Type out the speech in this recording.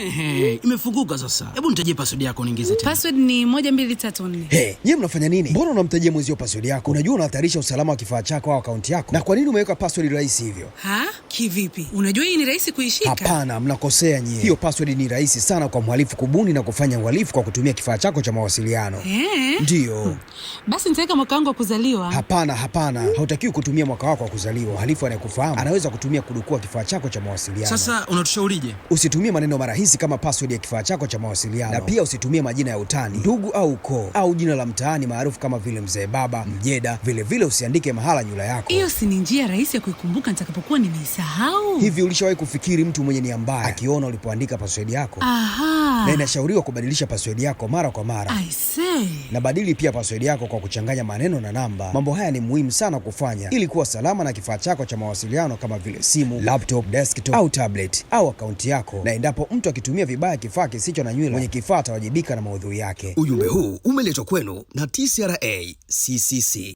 Ehe, imefunguka sasa. Hebu nitajie password yako niingize tena. Password ni 1234. Hey, nyie mnafanya nini? Mbona unamtajia mwenzi hiyo password yako? Unajua unahatarisha usalama wa kifaa chako au akaunti yako. Na kwa nini umeweka password rahisi hivyo? Ha? Kivipi? Unajua hii ni rahisi kuishika? Hapana, mnakosea nyie. Hiyo password ni rahisi sana kwa mhalifu kubuni na kufanya uhalifu kwa kutumia kifaa chako cha mawasiliano. Eh? Ndio. Hmm. Basi nitaweka mwaka wangu wa kuzaliwa. Hapana, hapana. Hmm. Hautakiwi kutumia mwaka wako wa kuzaliwa. Mhalifu anayekufahamu anaweza kutumia kudukua kifaa chako cha mawasiliano. Sasa unatushaurije? Usitumie maneno mara rahisi kama password ya kifaa chako cha mawasiliano, na pia usitumie majina ya utani, ndugu au ukoo au jina la mtaani maarufu kama vile mzee baba, mjeda. Vilevile usiandike mahala nyula yako. Hiyo si ni njia rahisi ya kuikumbuka nitakapokuwa nimeisahau. Hivi ulishawahi kufikiri mtu mwenye nia mbaya akiona ulipoandika password yako? Aha. Na inashauriwa kubadilisha password yako mara kwa mara. I see. Na badili pia password yako kwa kuchanganya maneno na namba. Mambo haya ni muhimu sana kufanya ili kuwa salama na kifaa chako cha mawasiliano kama vile simu, laptop, desktop au tablet au akaunti yako, na endapo mtu akitumia vibaya kifaa kisicho na nywila, mwenye kifaa atawajibika na maudhui yake. Ujumbe huu umeletwa kwenu na TCRA CCC.